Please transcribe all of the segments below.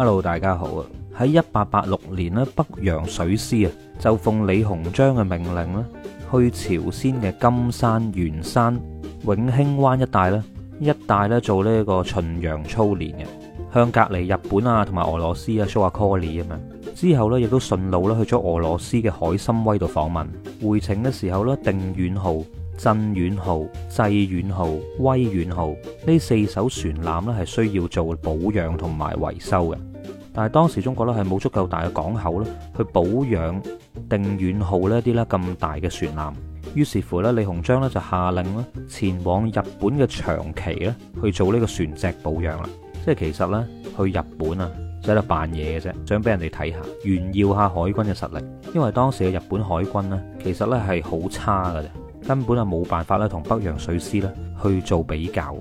Hello，大家好啊！喺一八八六年呢，北洋水師啊，就奉李鴻章嘅命令呢，去朝鮮嘅金山、元山、永興灣一帶呢，一帶呢，做呢一個巡洋操練嘅，向隔籬日本啊同埋俄羅斯啊蘇阿科利啊咁樣。之後呢，亦都順路呢去咗俄羅斯嘅海參崴度訪問。回程嘅時候呢，定遠號、鎮遠號、濟遠號、威遠號呢四艘船艦呢，係需要做保養同埋維修嘅。但係當時中國咧係冇足夠大嘅港口咧，去保養定遠號呢啲咧咁大嘅船艦。於是乎咧，李鴻章咧就下令咧前往日本嘅長崎咧去做呢個船隻保養啦。即係其實呢，去日本啊，就係度扮嘢嘅啫，想俾人哋睇下炫耀下海軍嘅實力。因為當時嘅日本海軍呢，其實呢係好差㗎啫，根本係冇辦法咧同北洋水師呢去做比較。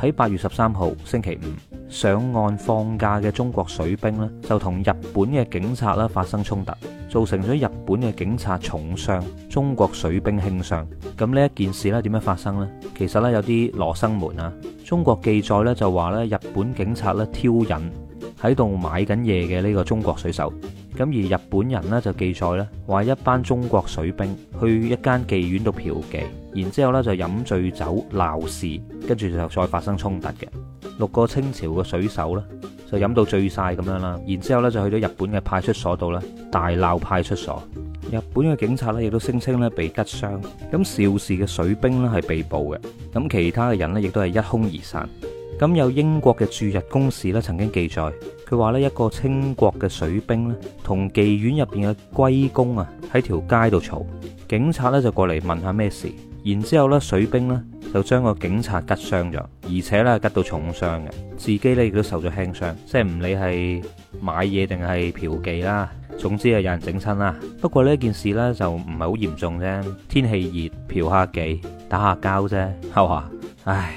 喺八月十三號星期五上岸放假嘅中國水兵呢，就同日本嘅警察呢發生衝突，造成咗日本嘅警察重傷，中國水兵輕傷。咁呢一件事呢點樣發生呢？其實呢，有啲羅生門啊，中國記載呢就話呢，日本警察呢挑釁喺度買緊嘢嘅呢個中國水手。咁而日本人呢，就記載呢話一班中國水兵去一間妓院度嫖妓，然之後呢就飲醉酒鬧事，跟住就再發生衝突嘅。六個清朝嘅水手呢，就飲到醉晒咁樣啦，然之後呢，就去咗日本嘅派出所度呢，大鬧派出所。日本嘅警察呢，亦都聲稱呢被拮傷。咁肇事嘅水兵呢，係被捕嘅，咁其他嘅人呢，亦都係一哄而散。咁有英國嘅駐日公使咧，曾經記載，佢話咧一個清國嘅水兵咧，同妓院入邊嘅龜公啊，喺條街度嘈，警察咧就過嚟問下咩事，然之後咧水兵咧就將個警察吉傷咗，而且咧吉到重傷嘅，自己咧亦都受咗輕傷，即係唔理係買嘢定係嫖妓啦，總之係有人整親啦。不過呢件事咧就唔係好嚴重啫，天氣熱，嫖下妓，打下交啫，係唉。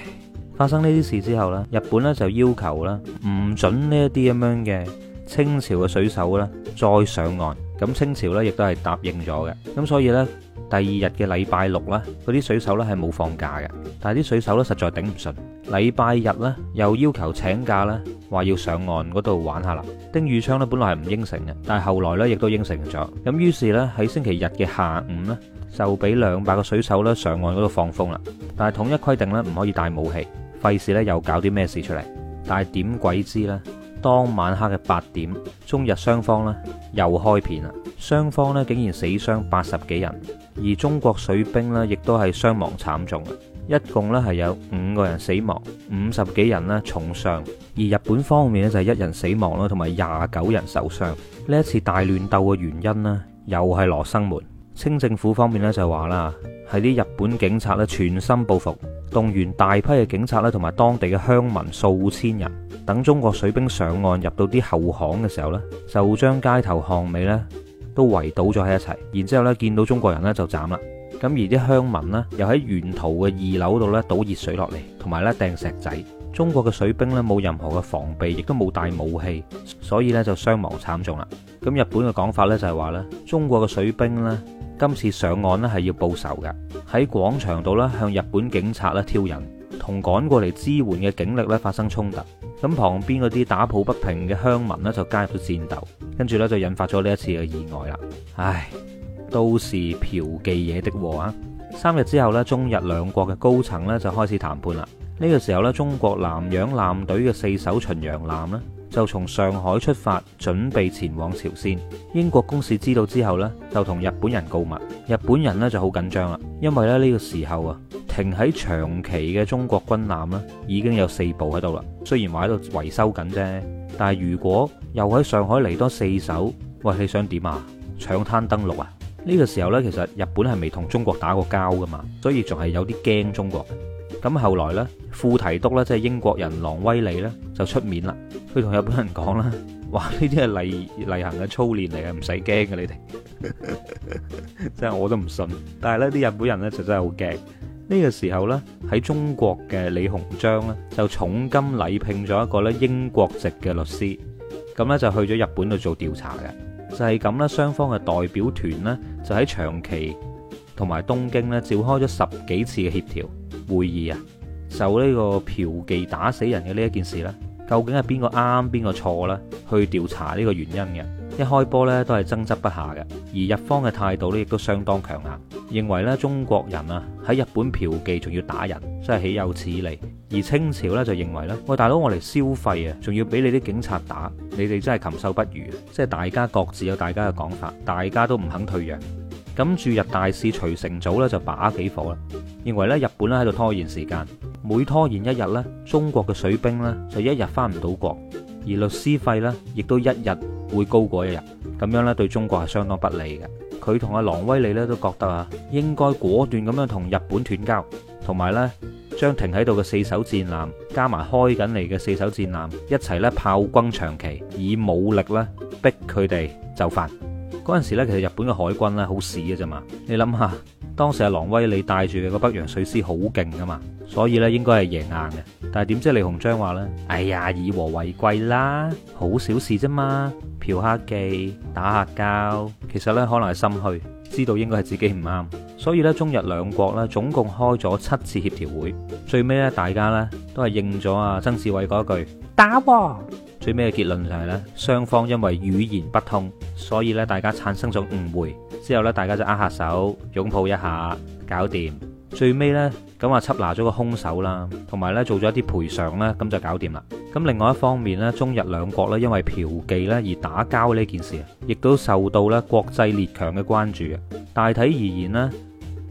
發生呢啲事之後咧，日本咧就要求咧唔準呢一啲咁樣嘅清朝嘅水手咧再上岸。咁清朝咧亦都係答應咗嘅。咁所以呢，第二日嘅禮拜六呢，嗰啲水手咧係冇放假嘅。但係啲水手咧實在頂唔順，禮拜日呢，又要求請假咧，話要上岸嗰度玩下啦。丁汝昌咧本來係唔應承嘅，但係後來呢，亦都應承咗。咁於是呢，喺星期日嘅下午呢，就俾兩百個水手咧上岸嗰度放風啦。但係統一規定呢，唔可以帶武器。費事咧，又搞啲咩事出嚟？但係點鬼知呢？當晚黑嘅八點，中日雙方咧又開片啦。雙方咧竟然死傷八十幾人，而中國水兵呢亦都係傷亡慘重。一共咧係有五個人死亡，五十幾人咧重傷。而日本方面咧就係一人死亡啦，同埋廿九人受傷。呢一次大亂鬥嘅原因咧，又係羅生門。清政府方面咧就話啦，係啲日本警察咧全心報復。動員大批嘅警察咧，同埋當地嘅鄉民數千人，等中國水兵上岸入到啲後巷嘅時候呢就將街頭巷尾呢都圍堵咗喺一齊，然之後呢見到中國人呢就斬啦，咁而啲鄉民呢，又喺沿途嘅二樓度呢倒熱水落嚟，同埋呢掟石仔。中國嘅水兵咧冇任何嘅防備，亦都冇帶武器，所以咧就傷亡慘重啦。咁日本嘅講法咧就係話咧，中國嘅水兵咧今次上岸咧係要報仇嘅，喺廣場度咧向日本警察咧挑釁，同趕過嚟支援嘅警力咧發生衝突。咁旁邊嗰啲打抱不平嘅鄉民咧就加入咗戰鬥，跟住咧就引發咗呢一次嘅意外啦。唉，都是嫖妓惹的禍啊！三日之後咧，中日兩國嘅高層咧就開始談判啦。呢個時候咧，中國南洋艦隊嘅四艘巡洋艦呢，就從上海出發，準備前往朝鮮。英國公使知道之後呢，就同日本人告密。日本人呢，就好緊張啦，因為咧呢個時候啊，停喺長崎嘅中國軍艦呢，已經有四部喺度啦，雖然話喺度維修緊啫，但係如果又喺上海嚟多四艘，喂，你想點啊？搶灘登陸啊？呢個時候呢，其實日本係未同中國打過交噶嘛，所以仲係有啲驚中國。咁後來咧，副提督咧，即係英國人郎威利咧，就出面啦。佢同日本人講啦：嘩呢啲係例行嘅操練嚟嘅，唔使驚嘅。你哋 真係我都唔信。但係咧，啲日本人咧就真係好驚。呢、呢個時候咧，喺中國嘅李鴻章咧就重金禮聘咗一個咧英國籍嘅律師，咁咧就去咗日本度做調查嘅。就係咁啦，雙方嘅代表團呢，就喺長崎同埋東京咧召開咗十幾次嘅協調。會議啊，受呢個嫖妓打死人嘅呢一件事咧，究竟係邊個啱邊個錯啦？去調查呢個原因嘅，一開波咧都係爭執不下嘅。而日方嘅態度咧亦都相當強硬，認為咧中國人啊喺日本嫖妓仲要打人，真係豈有此理。而清朝咧就認為咧，我大佬我嚟消費啊，仲要俾你啲警察打，你哋真係禽獸不如。即係大家各自有大家嘅講法，大家都唔肯退讓。咁駐日大使徐成祖咧就把幾火啦，認為咧日本咧喺度拖延時間，每拖延一日咧，中國嘅水兵咧就一日返唔到國，而律師費咧亦都一日會高過一日，咁樣咧對中國係相當不利嘅。佢同阿郎威利咧都覺得啊，應該果斷咁樣同日本斷交，同埋咧將停喺度嘅四艘戰艦加埋開緊嚟嘅四艘戰艦一齊咧炮轟長崎，以武力咧逼佢哋就範。嗰陣時咧，其實日本嘅海軍咧好屎嘅啫嘛。你諗下，當時阿琅威理帶住嘅個北洋水師好勁噶嘛，所以咧應該係贏硬嘅。但係點知李鴻章話咧：哎呀，以和為貴啦，好小事啫嘛，嫖下妓，打下交，其實咧可能係心虛，知道應該係自己唔啱，所以咧中日兩國咧總共開咗七次協調會，最尾咧大家咧都係應咗阿曾志偉嗰句打和。最尾嘅結論就係咧，雙方因為語言不通。所以咧，大家產生咗誤會之後咧，大家就握下手、擁抱一下，搞掂。最尾咧，咁啊，緝拿咗個兇手啦，同埋咧做咗一啲賠償咧，咁就搞掂啦。咁另外一方面咧，中日兩國咧因為嫖妓咧而打交呢件事，亦都受到咧國際列強嘅關注嘅。大體而言咧，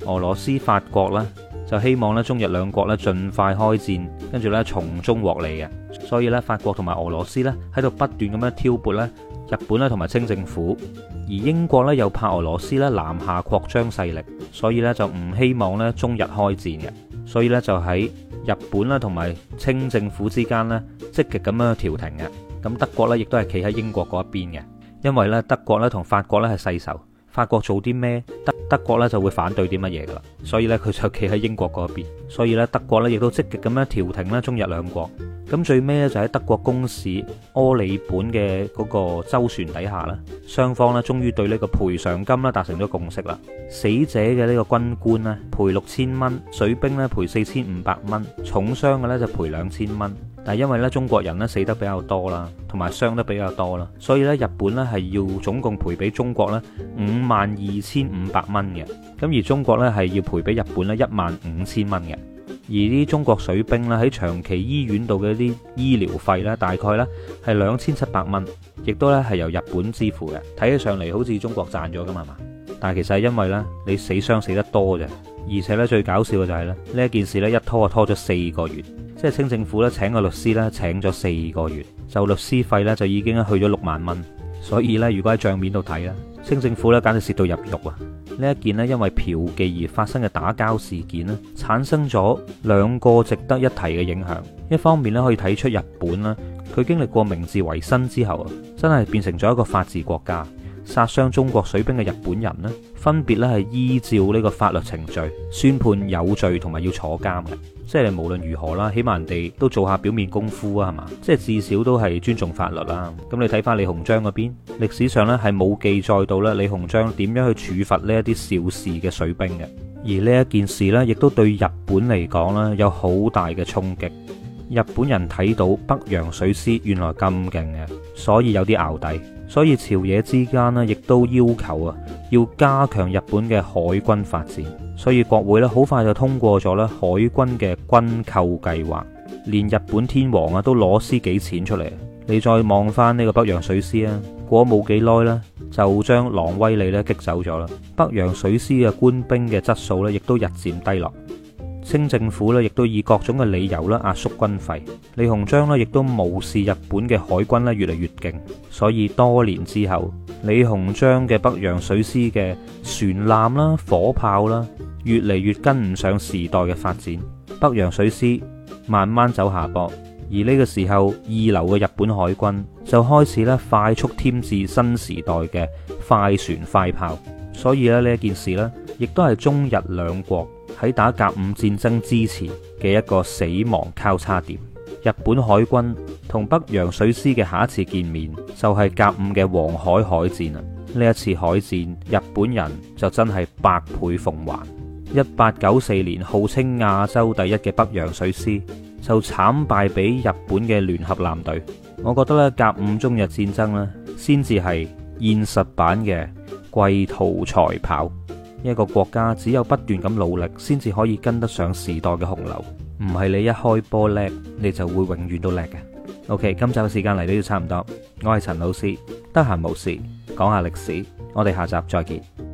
俄羅斯、法國咧就希望咧中日兩國咧盡快開戰，跟住咧從中獲利嘅。所以咧，法國同埋俄羅斯咧喺度不斷咁樣挑撥咧。日本咧同埋清政府，而英國咧又怕俄羅斯咧南下擴張勢力，所以咧就唔希望咧中日開戰嘅，所以咧就喺日本咧同埋清政府之間咧積極咁樣調停嘅。咁德國咧亦都係企喺英國嗰一邊嘅，因為咧德國咧同法國咧係世仇。法國做啲咩，德德國咧就會反對啲乜嘢噶啦，所以咧佢就企喺英國嗰邊，所以咧德國咧亦都積極咁樣調停咧中日兩國，咁最尾咧就喺德國公使柯里本嘅嗰個周旋底下啦，雙方咧終於對呢個賠償金咧達成咗共識啦，死者嘅呢個軍官呢，賠六千蚊，水兵咧賠四千五百蚊，重傷嘅咧就賠兩千蚊。但因為咧，中國人咧死得比較多啦，同埋傷得比較多啦，所以咧日本咧係要總共賠俾中國咧五萬二千五百蚊嘅，咁而中國咧係要賠俾日本咧一萬五千蚊嘅，而啲中國水兵咧喺長崎醫院度嘅啲醫療費咧，大概咧係兩千七百蚊，亦都咧係由日本支付嘅，睇起上嚟好似中國賺咗㗎嘛，但係其實係因為咧你死傷死得多啫。而且咧最搞笑嘅就係咧呢一件事咧一拖就拖咗四個月，即係清政府咧請個律師咧請咗四個月，就律師費咧就已經去咗六萬蚊。所以咧如果喺賬面度睇咧，清政府咧簡直蝕到入獄啊！呢一件咧因為嫖妓而發生嘅打交事件咧，產生咗兩個值得一提嘅影響。一方面咧可以睇出日本咧，佢經歷過明治維新之後，真係變成咗一個法治國家。殺傷中國水兵嘅日本人呢，分別咧係依照呢個法律程序宣判有罪同埋要坐監嘅，即係無論如何啦，起碼人哋都做下表面功夫啊，係嘛？即係至少都係尊重法律啦。咁你睇翻李鴻章嗰邊，歷史上呢係冇記載到呢李鴻章點樣去處罰呢一啲肇事嘅水兵嘅，而呢一件事呢，亦都對日本嚟講呢，有好大嘅衝擊。日本人睇到北洋水師原來咁勁嘅，所以有啲淆底。所以朝野之間咧，亦都要求啊，要加強日本嘅海軍發展。所以國會咧，好快就通過咗咧海軍嘅軍購計劃。連日本天皇啊，都攞私己錢出嚟。你再望翻呢個北洋水師啊，過冇幾耐咧，就將琅威理咧擊走咗啦。北洋水師嘅官兵嘅質素咧，亦都日漸低落。清政府咧，亦都以各種嘅理由啦壓縮軍費，李鴻章呢亦都無視日本嘅海軍咧越嚟越勁，所以多年之後，李鴻章嘅北洋水師嘅船艦啦、火炮啦，越嚟越跟唔上時代嘅發展，北洋水師慢慢走下坡。而呢個時候，二流嘅日本海軍就開始咧快速添置新時代嘅快船快炮，所以咧呢一件事咧，亦都係中日兩國。喺打甲午戰爭之前嘅一個死亡交叉點，日本海軍同北洋水師嘅下一次見面就係甲午嘅黃海海戰啦。呢一次海戰，日本人就真係百倍奉還。一八九四年，號稱亞洲第一嘅北洋水師就慘敗俾日本嘅聯合艦隊。我覺得咧，甲午中日戰爭咧，先至係現實版嘅龜兔賽跑。一個國家只有不斷咁努力，先至可以跟得上時代嘅洪流。唔係你一開波叻，你就會永遠都叻嘅。OK，今集嘅時間嚟到要差唔多。我係陳老師，得閒無事講下歷史。我哋下集再見。